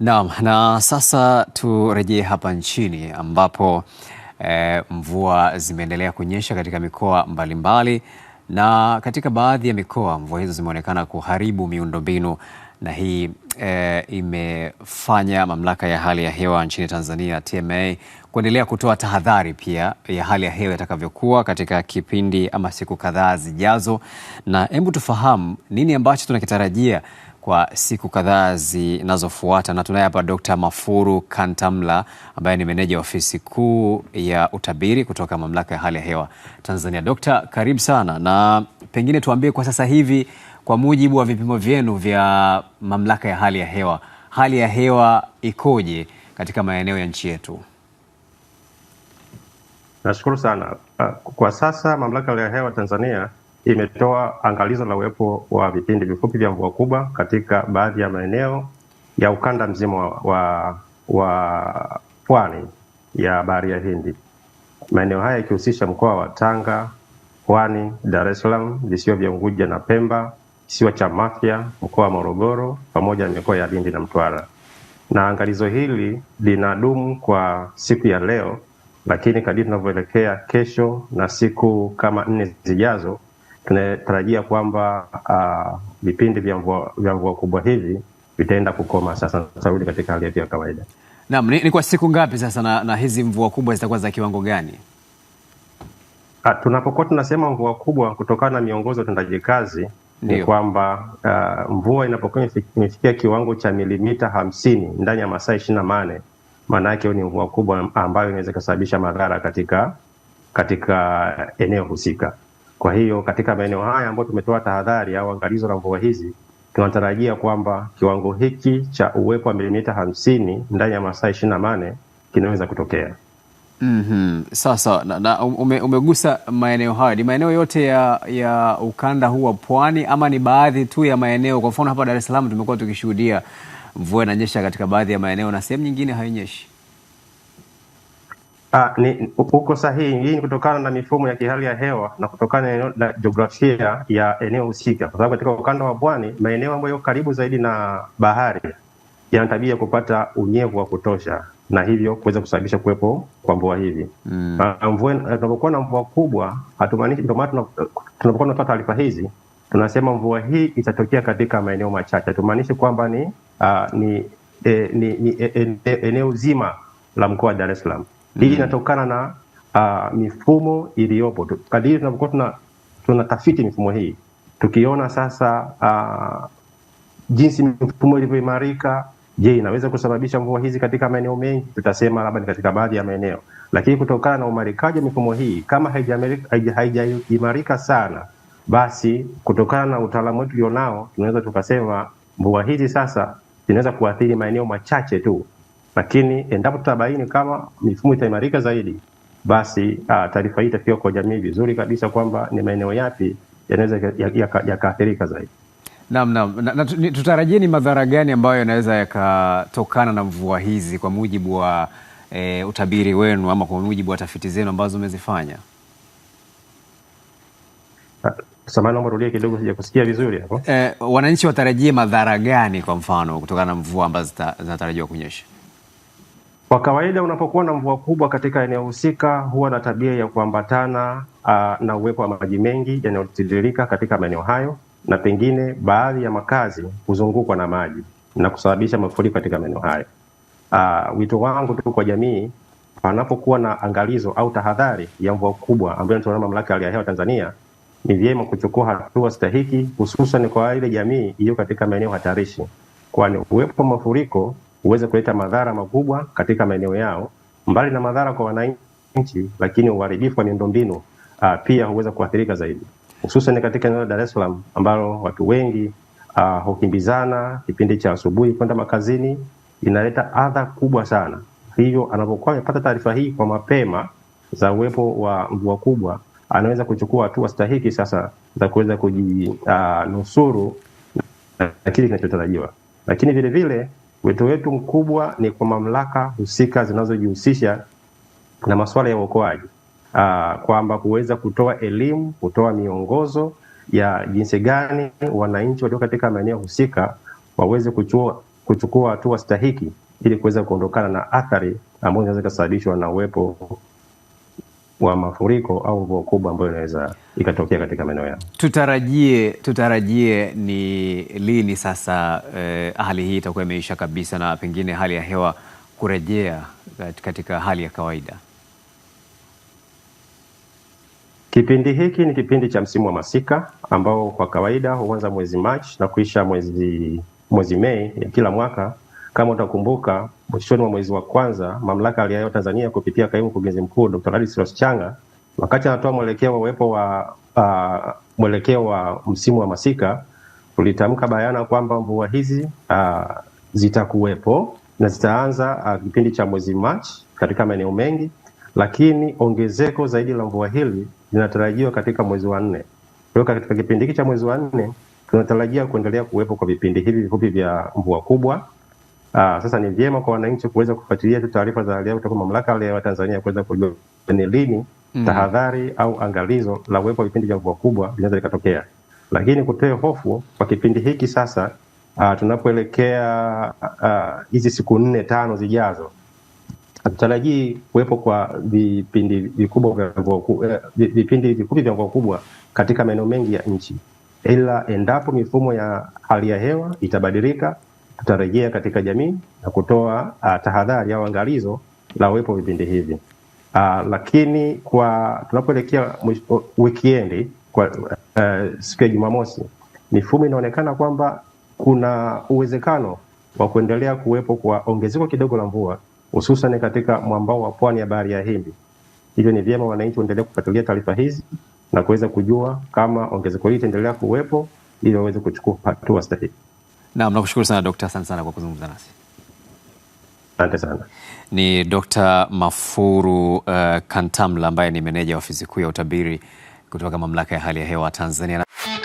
Naam, na sasa turejee hapa nchini ambapo e, mvua zimeendelea kunyesha katika mikoa mbalimbali na katika baadhi ya mikoa mvua hizo zimeonekana kuharibu miundombinu na hii e, imefanya Mamlaka ya Hali ya Hewa nchini Tanzania TMA kuendelea kutoa tahadhari pia ya hali ya hewa itakavyokuwa katika kipindi ama siku kadhaa zijazo. Na hebu tufahamu nini ambacho tunakitarajia kwa siku kadhaa zinazofuata, na tunaye hapa dkt Mafuru Kantamla ambaye ni meneja ofisi kuu ya utabiri kutoka Mamlaka ya Hali ya Hewa Tanzania. Dokta, karibu sana, na pengine tuambie kwa sasa hivi, kwa mujibu wa vipimo vyenu vya Mamlaka ya Hali ya Hewa, hali ya hewa ikoje katika maeneo ya nchi yetu? Nashukuru sana. Ah, kwa sasa Mamlaka ya Hali ya Hewa Tanzania imetoa angalizo la uwepo wa vipindi vifupi vya mvua kubwa katika baadhi ya maeneo ya ukanda mzima wa, wa, wa pwani ya bahari ya Hindi, maeneo haya ikihusisha mkoa wa Tanga, Pwani, Dar es Salaam, visiwa vya Unguja na Pemba, kisiwa cha Mafia, mkoa wa Morogoro pamoja na mikoa ya Lindi na Mtwara. Na angalizo hili linadumu kwa siku ya leo, lakini kadiri tunavyoelekea kesho na siku kama nne zijazo tunatarajia kwamba ah, vipindi uh, vya mvua vya mvua kubwa hivi vitaenda kukoma sasa sarudi katika hali yetu ya kawaida. Naam, ni, ni kwa siku ngapi sasa na, na hizi mvua kubwa zitakuwa za kiwango gani? Ah, tunapokuwa tunasema mvua kubwa kutokana na miongozo ya utendaji kazi ni kwamba uh, mvua inapokuwa imefikia kiwango cha milimita hamsini ndani ya masaa ishirini na nane maana yake ni mvua kubwa ambayo inaweza ikasababisha madhara katika katika eneo husika. Kwa hiyo katika maeneo haya ambayo tumetoa tahadhari au angalizo la mvua hizi, tunatarajia kwamba kiwango hiki cha uwepo wa milimita hamsini ndani ya masaa ishirini na nane kinaweza kutokea. Mm -hmm. Sasa na, na ume, umegusa maeneo hayo, ni maeneo yote ya, ya ukanda huu wa pwani ama ni baadhi tu ya maeneo? Kwa mfano hapa Dar es Salaam tumekuwa tukishuhudia mvua inanyesha katika baadhi ya maeneo na sehemu nyingine hainyeshi. Ah, ni uko sahihi. Hii ni kutokana na mifumo ya kihali ya hewa na kutokana na jiografia ya eneo husika, kwa sababu katika ukanda wa pwani, maeneo ambayo karibu zaidi na bahari yana tabia ya kupata unyevu wa kutosha na hivyo kuweza kusababisha kuwepo kwa mvua hivi. Mm. Ah, na mvua kubwa, hatumaanishi, ndio maana tunapokuwa tunatoa taarifa hizi tunasema mvua hii itatokea katika maeneo machache, hatumaanishi kwamba ni, uh, ni, eh, ni, ni, eh, eh, eneo zima la mkoa wa Dar es Salaam. Hii mm. inatokana na uh, mifumo iliyopo. Kadiri tunapokuwa tuna tunatafiti mifumo hii, tukiona sasa uh, jinsi mifumo ilivyoimarika, je, inaweza kusababisha mvua hizi katika maeneo mengi? Tutasema labda ni katika baadhi ya maeneo, lakini kutokana na umarikaji wa mifumo hii, kama haijaimarika sana, basi kutokana na utaalamu wetu ulionao, tunaweza tukasema mvua hizi sasa zinaweza kuathiri maeneo machache tu lakini endapo tutabaini kama mifumo itaimarika zaidi, basi ah, taarifa hii itafika kwa jamii vizuri kabisa kwamba ni maeneo yapi yanaweza yakaathirika zaidi. Naam, naam. Na, na, tutarajie ni madhara gani ambayo yanaweza yakatokana na mvua hizi kwa mujibu wa e, utabiri wenu ama kwa mujibu wa tafiti zenu ambazo mmezifanya? Ah, samahani, naomba rudia kidogo, sijakusikia vizuri hapo. E, wananchi watarajie madhara gani kwa mfano kutokana na mvua ambazo zinatarajiwa kunyesha? Kwa kawaida unapokuwa na mvua kubwa katika eneo husika huwa na tabia ya kuambatana uh, na uwepo wa maji mengi yanayotiririka katika maeneo hayo, na pengine baadhi ya makazi huzungukwa na maji na kusababisha mafuriko katika maeneo hayo. Uh, wito wangu tu kwa jamii, panapokuwa na angalizo au tahadhari ya mvua kubwa ambayo inatolewa na Mamlaka ya Hali ya Hewa Tanzania, ni vyema kuchukua hatua stahiki, hususan kwa ile jamii iliyo katika maeneo hatarishi, kwani uwepo wa mafuriko uweze kuleta madhara makubwa katika maeneo yao. Mbali na madhara kwa wananchi, lakini uharibifu wa miundombinu uh, pia huweza kuathirika zaidi, hususan katika eneo la Dar es Salaam ambalo watu wengi uh, hukimbizana kipindi cha asubuhi kwenda makazini, inaleta adha kubwa sana. Hivyo anapokuwa amepata taarifa hii kwa mapema za uwepo wa mvua kubwa, anaweza kuchukua hatua stahiki sasa za kuweza kujinusuru uh, na kile kinachotarajiwa, lakini vilevile Wito wetu mkubwa ni kwa mamlaka husika zinazojihusisha na masuala ya uokoaji ah, kwamba kuweza kutoa elimu, kutoa miongozo ya jinsi gani wananchi walio katika maeneo husika waweze kuchua, kuchukua hatua stahiki ili kuweza kuondokana na athari ambazo zinaweza ikasababishwa na uwepo wa mafuriko au mvua kubwa ambayo inaweza ikatokea katika maeneo yao. Tutarajie, tutarajie ni lini sasa eh, hali hii itakuwa imeisha kabisa na pengine hali ya hewa kurejea katika hali ya kawaida. Kipindi hiki ni kipindi cha msimu wa masika ambao kwa kawaida huanza mwezi Machi na kuisha mwezi mwezi Mei ya kila mwaka kama utakumbuka, mwishoni mwa mwezi wa kwanza mamlaka ya hali Tanzania kupitia kaimu mkurugenzi mkuu Dr. Gladys Rochanga wakati anatoa mwelekeo wa uwepo wa uh, mwelekeo wa msimu wa masika ulitamka bayana kwamba mvua hizi uh, zitakuwepo na zitaanza kipindi cha mwezi Machi katika maeneo mengi, lakini ongezeko zaidi la mvua hili linatarajiwa katika mwezi wa nne. Kwa hiyo katika kipindi hiki cha mwezi wa nne tunatarajia kuendelea kuwepo kwa vipindi hivi vifupi vya mvua kubwa Aa, ah, sasa ni vyema kwa wananchi kuweza kufuatilia tu taarifa za hali ya kutoka mamlaka ya hewa Tanzania kuweza kujua ni lini mm. tahadhari au angalizo la uwepo wa vipindi vya mvua kubwa vinaweza vikatokea, lakini kutoe hofu kwa kipindi hiki sasa uh, tunapoelekea ah, hizi uh, siku nne tano zijazo hatutarajii kuwepo kwa vipindi vikubwa vya mvua eh, vipindi vikubwa vya mvua kubwa katika maeneo mengi ya nchi, ila endapo mifumo ya hali ya hewa itabadilika tutarejea katika jamii na kutoa uh, tahadhari au angalizo la uwepo vipindi hivi. Uh, lakini kwa tunapoelekea wikiendi kwa uh, siku ya Jumamosi, mifumo inaonekana kwamba kuna uwezekano wa kuendelea kuwepo kwa ongezeko kidogo la mvua hususan katika mwambao wa pwani ya bahari ya Hindi. Hivyo ni vyema wananchi waendelee kufuatilia taarifa hizi na kuweza kujua kama ongezeko hili itaendelea kuwepo ili waweze kuchukua hatua stahiki. Naam, nakushukuru sana Dokta, asante sana kwa kuzungumza nasi. Asante sana. Ni Dokta Mafuru uh, Kantamla ambaye ni meneja ofisi kuu ya utabiri kutoka Mamlaka ya Hali ya Hewa Tanzania.